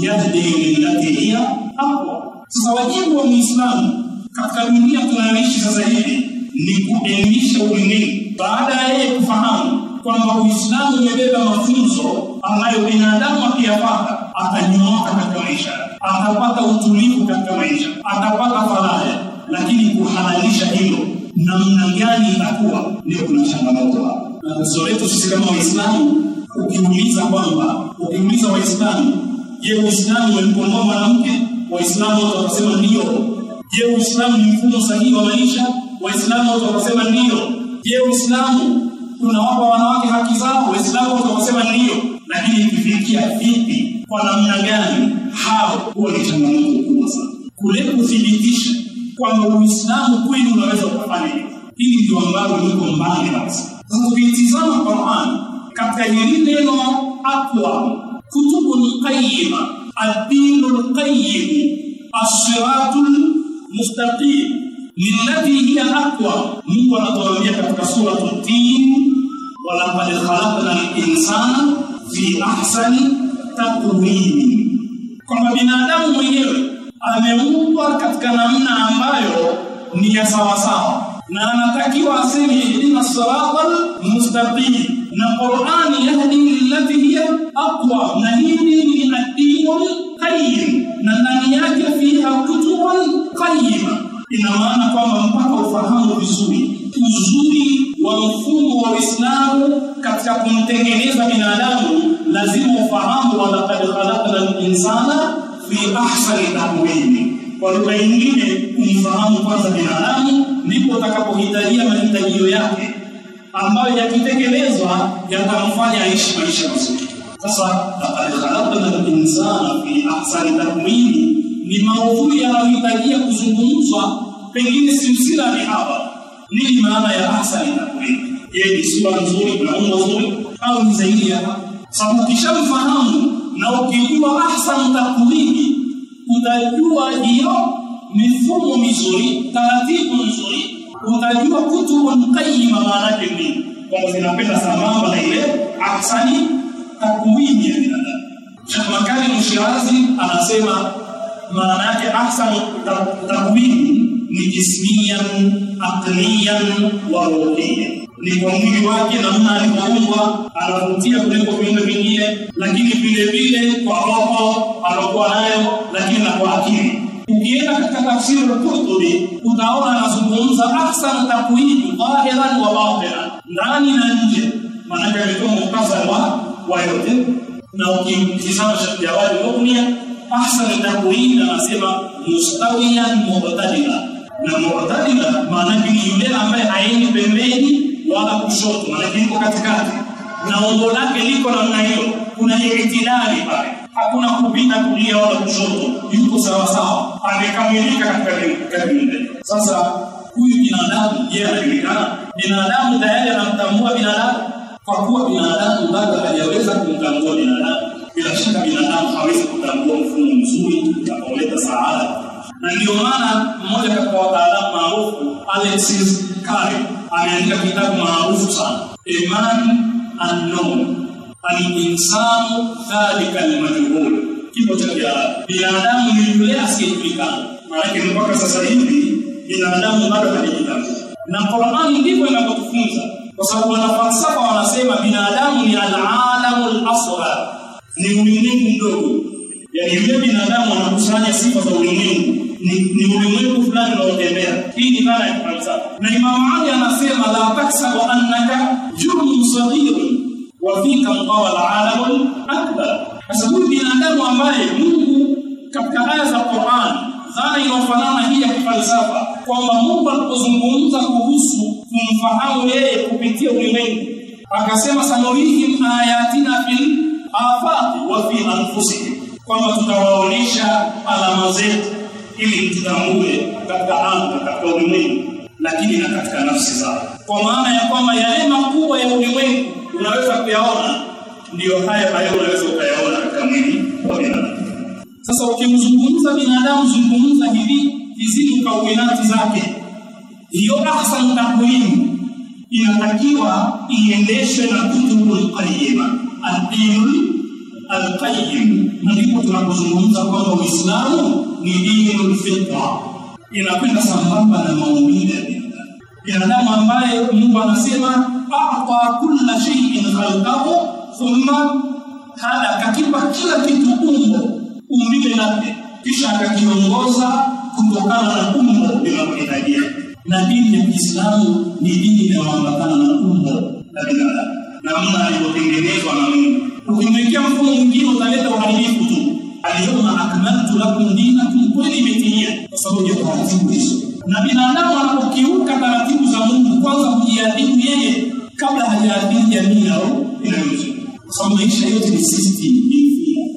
yajde lillati hiya aqwa. Sasa wajibu wa Muislamu katika dunia tunayoishi sasa hivi ni kuelimisha ulimwengu, baada ya yeye kufahamu kwamba Uislamu umebeba mafunzo ambayo binadamu akiyapata atanyooka katika maisha, atapata utulivu katika maisha, atapata faraja. Lakini kuhalalisha hilo namna gani itakuwa, ndio kuna changamoto hapo. Na tatizo letu sisi kama Waislamu, ukiuliza kwamba ukiuliza Waislamu Je, Uislamu walimkomboa mwanamke? Waislamu wote wakasema ndio. Je, Uislamu ni mfumo sahihi wa maisha? Waislamu wote wakasema ndio. Je, Uislamu tunawapa wanawake haki zao? Waislamu wote wakasema ndio. Lakini kufikia vipi, kwa namna gani? Hao huwa ni changamoto kubwa sana, kule kuthibitisha kwamba Uislamu kweli unaweza kufanya hivyo. Hili ndio ambalo liko mbali basi. Sasa tukitizama Qur'an katika hili neno aqwa كتب القيم الدين القيم الصراط المستقيم للتي هي أقوى Mungu anatuambia katika sura Tin walaqad khalaqna al-insana fi ahsani taqwim kwamba binadamu mwenyewe ameumbwa katika namna ambayo ni ya sawasawa na anatakiwa aseme ihdina sirata mustaqim na Qur'ani yahdi lillati hiya aqwa, na hili ni ad-dinul qayyim, na ndani yake fiha kutubun qayyima. Ina maana kwamba mpaka ufahamu vizuri uzuri wa mfumo wa Uislamu katika kumtengeneza binadamu, lazima ufahamu wa laqad khalaqna al-insana fi ahsani taqwim. Kwa lugha nyingine, kumfahamu kwanza binadamu, ndipo utakapohitajia mahitajio yake ambayo yakitekelezwa yatamfanya aishi maisha mazuri. Sasa laqad khalaqna linsana fi ahsani takwini ni maudhui yanayohitajia kuzungumzwa, pengine silsila ni hapa. Nini maana ya ahsani takwini? Je, ni sura nzuri, na mlango nzuri au ni zaidi ya hapo? Sababu ukishamfahamu na ukijua ahsani takwini utajua hiyo mifumo mizuri, taratibu nzuri utajua kutubun mkaima maana yake ni kwamba zinapenda sambamba na ile ahsani takwimu ya binadamu Sheikh Makarim Shirazi anasema maana yake ahsani takwimu ni jismiyan aqliyan wa ruhiyan ni kwa mwili wake namna alipoumbwa anavutia kuliko viumbe vingine, lakini vile vile kwa roho alokuwa nayo, lakini na kwa akili ukienda katika tafsiri Qurtubi utaona anazungumza ahsan takwini dhahiran wa batinan, ndani na nje, maana ametoa muhtasari wa wa yote. Na ukimtizama Sheikh Jawadi Mughniya, ahsan takwini anasema mustawiyan mu'tadila, na mu'tadila maana ni yule ambaye haendi pembeni wala kushoto, maana yuko katikati, na umbo lake liko namna hiyo, kuna itilali pale hakuna kubina kulia wala kushoto yuko sawasawa amekamilika katika dini sasa huyu binadamu je anajulikana binadamu tayari anamtambua binadamu kwa kuwa binadamu bado hajaweza kumtambua binadamu bila shaka binadamu hawezi kutambua mfumo mzuri kuleta saada na ndio maana mmoja katika wataalamu maarufu alexis kare ameandika kitabu maarufu sana Iman unknown al-insanu thalika al-majhul kimo cha binadamu ni yule asiyejulikana maanake mpaka sasa hivi binadamu bado hajajitambua na Qur'ani ndivyo inavyotufunza kwa sababu wana falsafa wanasema binadamu ni al-alamul asghar ni ulimwengu mdogo yani yule binadamu anakusanya sifa za ulimwengu ni ulimwengu fulani unaotembea hii ni maana ya falsafa na Imam Ali anasema la taksabu annaka jumu saghirun wa fika la alalam akbar sasa huyu binadamu ambaye Mungu katika aya za Qur'an dhana inafanana hii ya kifalsafa kwamba Mungu alipozungumza kuhusu kumfahamu yeye kupitia ulimwengu akasema sanurihim ayatina fil afaq wa fi anfusihim kwamba tutawaonesha alama zetu ili tutambue katika anga katika ulimwengu lakini na katika nafsi zao kwa maana ya kwamba yale makubwa ya ulimwengu unaweza kuyaona, ndiyo haya haya unaweza ukayaona katika mwili wa binadamu. Sasa ukimzungumza binadamu, zungumza hivi hizi mukawinati zake, hiyo ahsan takwimu inatakiwa iendeshwe na kutubul qayyima aldinul alqayyim. Ndipo tunapozungumza kwamba Uislamu ni dinul fitra, inakwenda sambamba na maumbile ya binadamu, binadamu ambaye Mungu anasema a'ta kulla shay'in khalqahu thumma halaka, akipa kila kitu umbo umbile lake, kisha akakiongoza kutokana na umbo linalohitajia yake. Na dini ya Kiislamu ni dini inayoambatana na umbo la binadamu, namna aliyotengenezwa na Mungu. Ukimwekea mfumo mwingine utaleta uharibifu tu. Alyawma akmaltu lakum dinakum, kweli imetimia kwa sababu ya taratibu hizo, na binadamu anapokiuka taratibu za Mungu, kwanza kujiadhibu yeye kabla hajaadhiri jamii au inayozunguka, kwa sababu maisha yote ni system,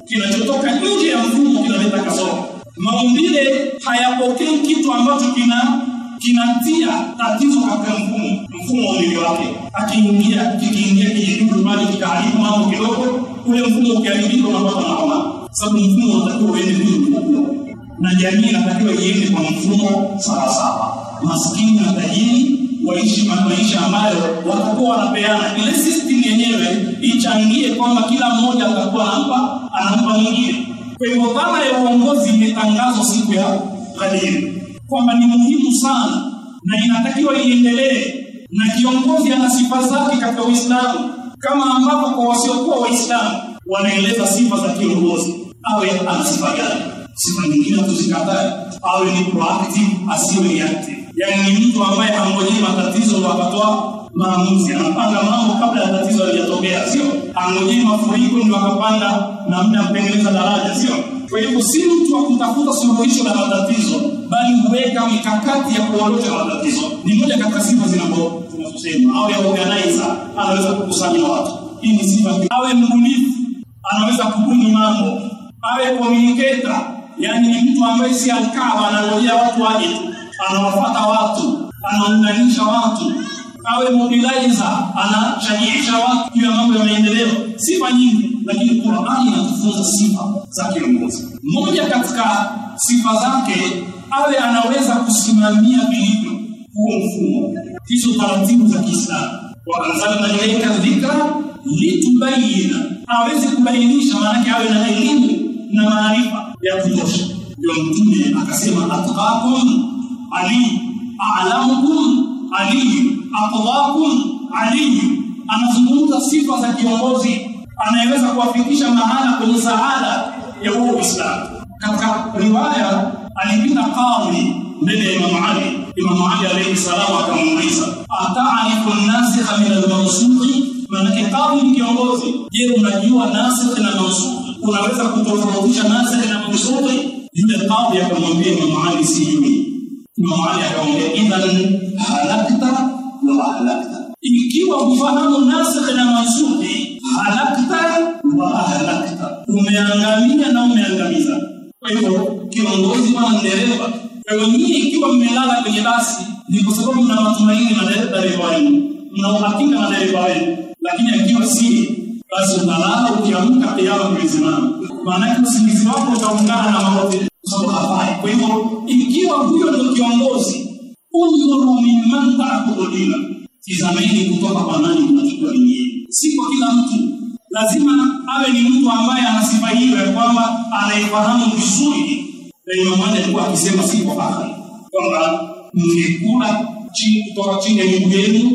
Kinachotoka nje ya mfumo kinaleta kasoro. Maumbile hayapokei kitu ambacho kina kinatia tatizo katika mfumo mfumo wa mwili wake. Akiingia kikiingia kijidudu pale kitaharibu mambo kidogo, ule mfumo ukiharibika, unapata nakoma, sababu mfumo unatakiwa uende mkubwa na jamii inatakiwa iende kwa mfumo sawasawa, maskini na tajiri waishi maisha ambayo watakuwa wanapeana. Ile system yenyewe ichangie kwamba kila mmoja atakuwa hapa anampa mwingine. Kwa hivyo dhana ya uongozi imetangazwa siku ya kadiri kwamba ni muhimu sana na inatakiwa iendelee, na kiongozi ana sifa zake katika Uislamu kama ambapo kwa wasiokuwa Waislamu wanaeleza sifa za kiongozi, awe ana sifa gani? Sifa nyingine tuzikatae, awe ni proactive, asiwe reactive yaani ni mtu ambaye angojei matatizo ndo akatoa maamuzi anapanga mambo kabla ya tatizo halijatokea sio angojei mafuriko ndo akapanda namna ya kutengeneza daraja sio kwa hivyo si mtu wa kutafuta suluhisho la matatizo bali huweka mikakati ya kuondosha matatizo ni moja katika sifa zinazosema awe organizer anaweza kukusanya watu hii ni sifa awe mbunifu anaweza kubuni mambo awe communicator yaani ni mtu ambaye si alkawa anangojea watu waje tu anawafata watu anaunganisha watu awe mobilizer anashajiisha watu juu ya mambo ya maendeleo sifa nyingi lakini qurani inatufunza sifa za kiongozi mmoja katika sifa zake awe anaweza kusimamia vilivyo huo mfumo hizo taratibu za kiislamu waanzalna ilaika dhikra litubayina aweze kubainisha maanake awe na elimu na maarifa ya kutosha ndio mtume akasema atqakum ali a'lamukum Ali aqwakum Ali anazungumza sifa za kiongozi anayeweza kuwafikisha mahala kwenye saada ya huo Uislamu. Katika riwaya alipita kauli mbele ya Imam Ali, Imam Ali alayhi salamu akamuuliza, ata'rifu an-nasikha min al-mansukhi? Maanake kauli ni kiongozi. Je, unajua nasikh na mansukh? Unaweza kutofautisha nasikh na mansukh? Yule kauli akamwambia Imam Ali, sijui ndio maana yakaongea idhan halakta wa ahlakta ikiwa kufahamu nasikh na mansuhi halakta wa ahlakta umeangamia na umeangamiza kwa hivyo kiongozi bwana dereva wewe nyie ikiwa mmelala kwenye basi ni kwa sababu mna matumaini na dereva wenu mna uhakika na dereva wenu lakini akiwa sie basi unalala ukiamka pia Maana yake usingizi wako utaungana na maovu, kwa sababu hafai. Kwa hivyo ikiwa huyo ndio kiongozi, undhuru mimman taakhudhu dina, tizameni kutoka kwa nani unachukua dini yenu. Si kwa kila mtu, lazima awe ni mtu ambaye ana sifa hiyo ya kwamba anaifahamu vizuri, na Imam Ali alikuwa akisema si kwa bahari kwamba mngekula chini kutoka chini ya miguu yenu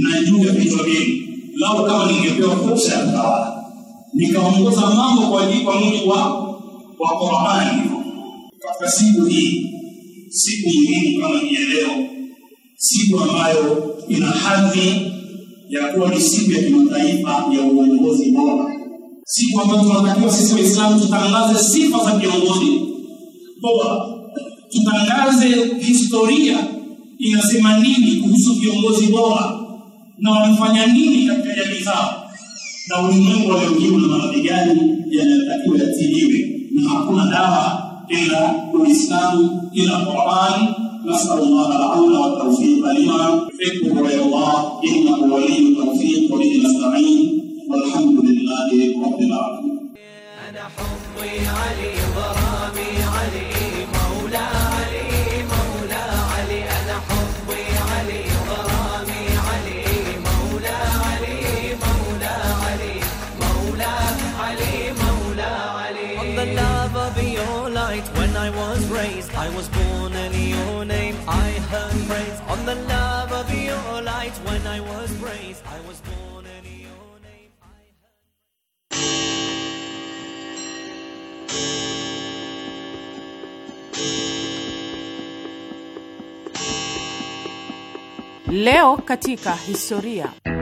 na juu ya vichwa vyenu lau kama ningepewa fursa ya kutawala nikaongoza mambo kwa ajili kwa mujibu wa wa Qur'ani. Katika siku hii, siku muhimu kama hii leo, siku ambayo ina hadhi ya kuwa ni siku ya kimataifa ya uongozi bora, siku ambayo tunatakiwa sisi Waislamu tutangaze sifa za kiongozi bora, tutangaze historia inasema nini kuhusu viongozi bora na wanafanya nini katika jamii zao na ulimwengu waliojibu na maradhi gani yanayotakiwa yatiliwe na hakuna dawa ila uislamu ila qurani نسأل الله العون والتوفيق لما فقه غير الله إنه ولي التوفيق وبه نستعين والحمد لله رب العالمين أنا حظي علي far be your light when I was raised. I was born in your name. I heard praise on the love of your light when I was raised. I was born in your name. Leo katika historia.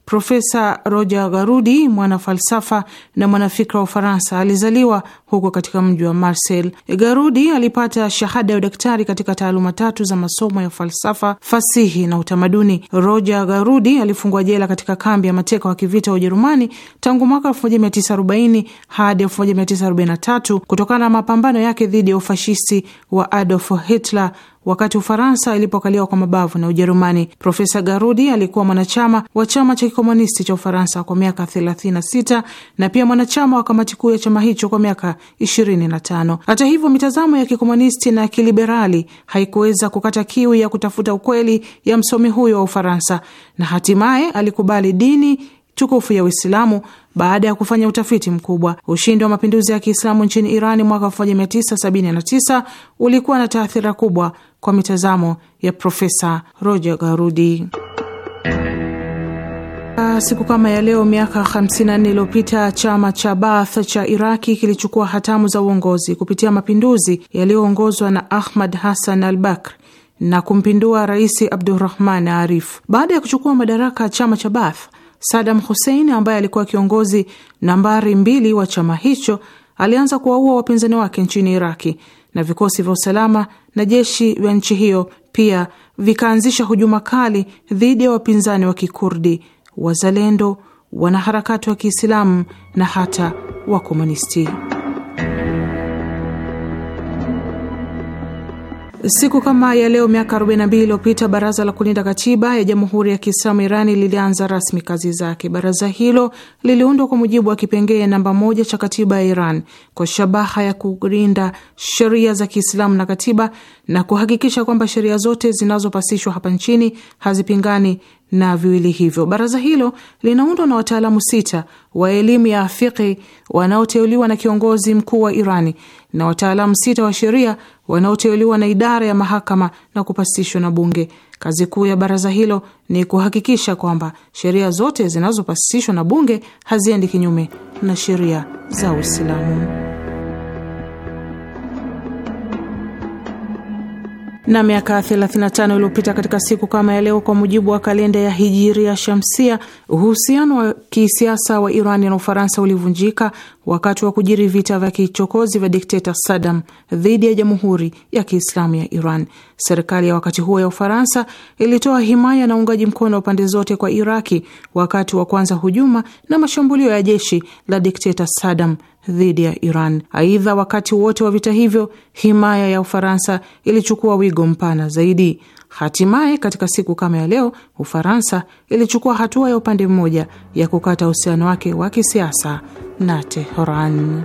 Profesa Roger Garudi, mwanafalsafa na mwanafikra wa Ufaransa, alizaliwa huko katika mji wa marsel Garudi alipata shahada ya udaktari katika taaluma tatu za masomo ya falsafa, fasihi na utamaduni. Roger Garudi alifungwa jela katika kambi ya mateka wa kivita wa Ujerumani tangu mwaka 1940 hadi 1943 kutokana na mapambano yake dhidi ya ufashisti wa Adolf Hitler Wakati Ufaransa ilipokaliwa kwa mabavu na Ujerumani, Profesa Garudi alikuwa mwanachama wa chama cha kikomunisti cha Ufaransa kwa miaka 36 na pia mwanachama wa kamati kuu ya chama hicho kwa miaka 25. Hata hivyo, mitazamo ya kikomunisti na kiliberali haikuweza kukata kiu ya kutafuta ukweli ya msomi huyo wa Ufaransa, na hatimaye alikubali dini tukufu ya Uislamu baada ya kufanya utafiti mkubwa. Ushindi wa mapinduzi ya Kiislamu nchini Irani mwaka 1979 ulikuwa na taathira kubwa kwa mitazamo ya Profesa Roger Garudi. Siku kama ya leo miaka 54 iliyopita chama cha Baath cha Iraki kilichukua hatamu za uongozi kupitia mapinduzi yaliyoongozwa na Ahmad Hassan al Bakr na kumpindua Rais Abdurahman Arif. Baada ya kuchukua madaraka, chama cha Baath Sadam Hussein ambaye alikuwa kiongozi nambari mbili wa chama hicho alianza kuwaua wapinzani wake nchini Iraki, na vikosi vya usalama na jeshi vya nchi hiyo pia vikaanzisha hujuma kali dhidi ya wapinzani wa Kikurdi, wazalendo, wanaharakati wa Kiislamu na hata wakomunisti. Siku kama ya leo miaka 42 iliyopita baraza la kulinda katiba ya jamhuri ya Kiislamu Irani lilianza rasmi kazi zake. Baraza hilo liliundwa kwa mujibu wa kipengee namba moja cha katiba ya Iran kwa shabaha ya kulinda sheria za Kiislamu na katiba na kuhakikisha kwamba sheria zote zinazopasishwa hapa nchini hazipingani na viwili hivyo. Baraza hilo linaundwa na wataalamu sita wa elimu ya afiki wanaoteuliwa na kiongozi mkuu wa Irani na wataalamu sita wa sheria wanaoteuliwa na idara ya mahakama na kupasishwa na bunge. Kazi kuu ya baraza hilo ni kuhakikisha kwamba sheria zote zinazopasishwa na bunge haziendi kinyume na sheria za Uislamu. na miaka 35 iliyopita katika siku kama ya leo, kwa mujibu wa kalenda ya hijiria shamsia, uhusiano wa kisiasa wa Irani na Ufaransa ulivunjika wakati wa kujiri vita vya kichokozi vya dikteta Sadam dhidi ya jamhuri ya Kiislamu ya Iran. Serikali ya wakati huo ya Ufaransa ilitoa himaya na uungaji mkono wa pande zote kwa Iraki wakati wa kwanza hujuma na mashambulio ya jeshi la dikteta Sadam dhidi ya Iran. Aidha, wakati wote wa vita hivyo himaya ya Ufaransa ilichukua wigo mpana zaidi. Hatimaye katika siku kama ya leo, Ufaransa ilichukua hatua ya upande mmoja ya kukata uhusiano wake wa kisiasa na Teheran.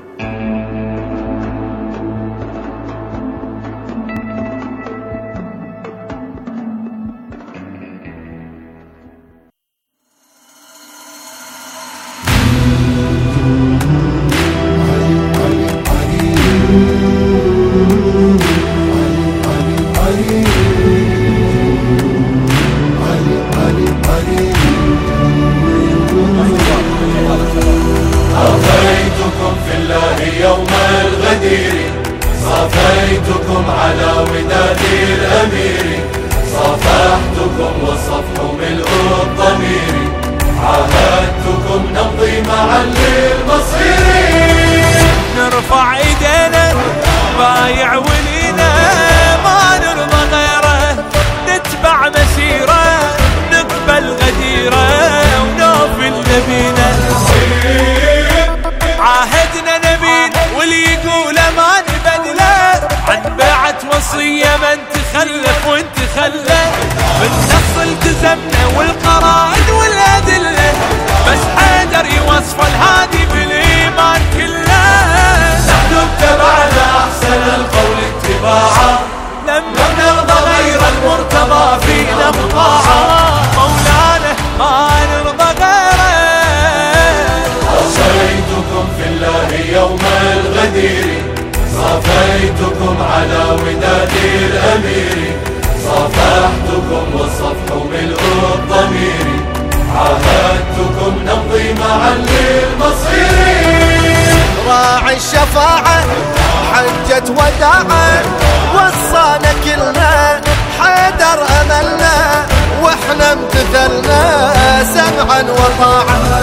وجعلنا سمعا وطاعة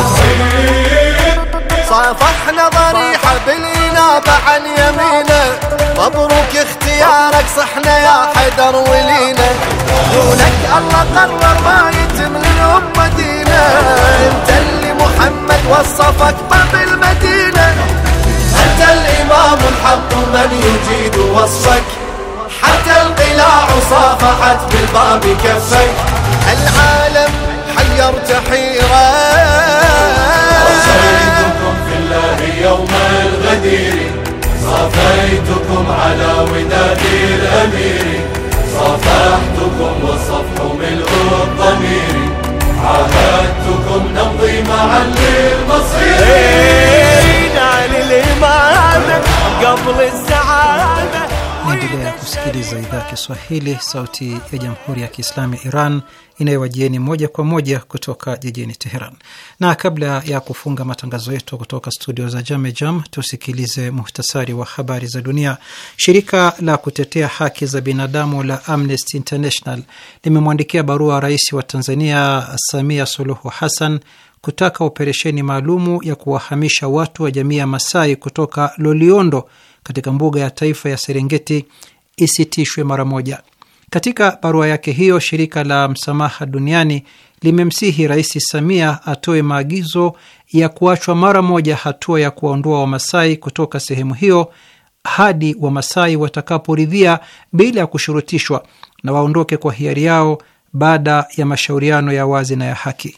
صافحنا ضريحة بالإنابة عن يمينه مبروك اختيارك صحنا يا حدر ولينا دونك الله قرر ما يتم للأمة دينا انت اللي محمد وصفك باب المدينة انت الإمام الحق من يجيد وصفك حتى القلاع صافحت بالباب كفك العالم غيرت حيرة وصيتكم في الله يوم الغدير صافيتكم على وداد الأمير صافحتكم والصفح ملء الضمير عاهدتكم نمضي معا للمصير قبل الزعيم Naendelea kusikiliza idhaa ya Kiswahili, sauti ya jamhuri ya kiislamu ya Iran inayowajieni moja kwa moja kutoka jijini Teheran. Na kabla ya kufunga matangazo yetu kutoka studio za Jamejam, tusikilize muhtasari wa habari za dunia. Shirika la kutetea haki za binadamu la Amnesty International limemwandikia barua rais wa Tanzania Samia Suluhu Hassan kutaka operesheni maalumu ya kuwahamisha watu wa jamii ya Masai kutoka Loliondo katika mbuga ya taifa ya Serengeti isitishwe mara moja. Katika barua yake hiyo, shirika la msamaha duniani limemsihi Rais Samia atoe maagizo ya kuachwa mara moja hatua ya kuwaondoa Wamasai kutoka sehemu hiyo hadi Wamasai watakaporidhia bila ya kushurutishwa na waondoke kwa hiari yao baada ya mashauriano ya wazi na ya haki.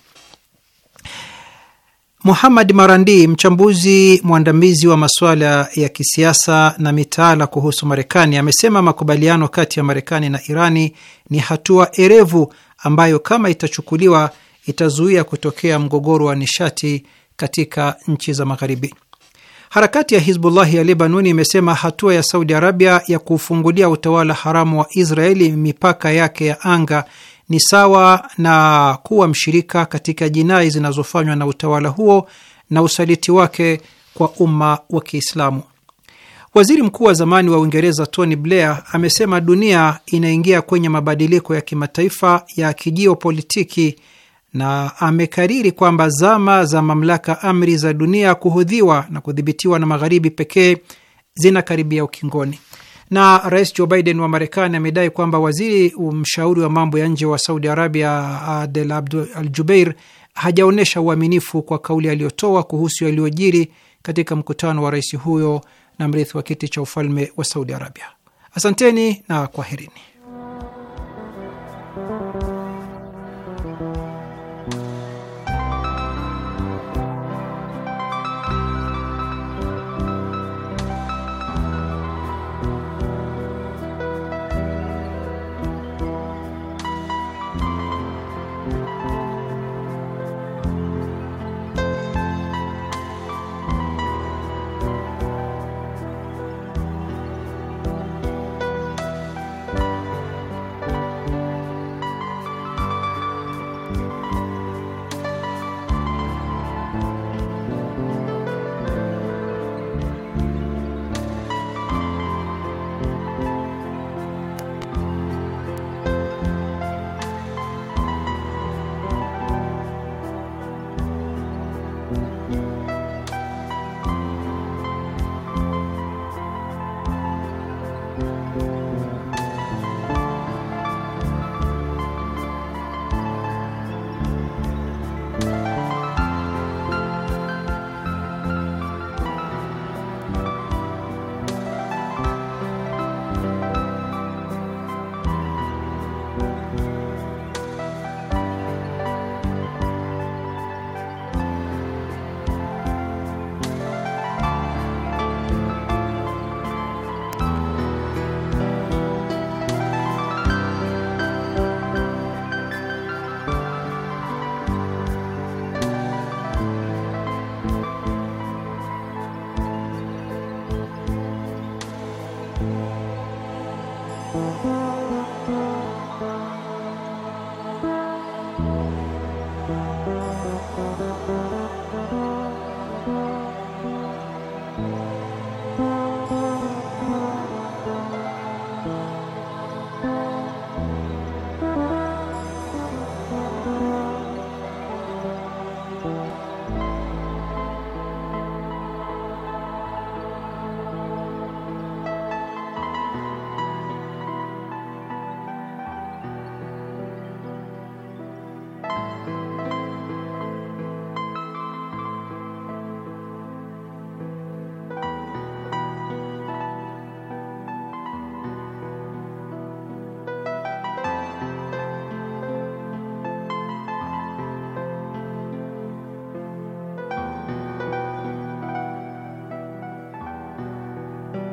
Muhamad Marandi, mchambuzi mwandamizi wa masuala ya kisiasa na mitaala kuhusu Marekani, amesema makubaliano kati ya Marekani na Irani ni hatua erevu ambayo kama itachukuliwa itazuia kutokea mgogoro wa nishati katika nchi za Magharibi. Harakati ya Hizbullahi ya Lebanoni imesema hatua ya Saudi Arabia ya kuufungulia utawala haramu wa Israeli mipaka yake ya anga ni sawa na kuwa mshirika katika jinai zinazofanywa na utawala huo na usaliti wake kwa umma wa Kiislamu. Waziri mkuu wa zamani wa Uingereza Tony Blair amesema dunia inaingia kwenye mabadiliko ya kimataifa ya kijiopolitiki na amekariri kwamba zama za mamlaka amri za dunia kuhudhiwa na kudhibitiwa na magharibi pekee zinakaribia ukingoni. Na Rais Joe Biden wa Marekani amedai kwamba waziri mshauri wa mambo ya nje wa Saudi Arabia Adel Al Jubeir hajaonyesha uaminifu kwa kauli aliyotoa kuhusu yaliyojiri katika mkutano wa rais huyo na mrithi wa kiti cha ufalme wa Saudi Arabia. Asanteni na kwaherini.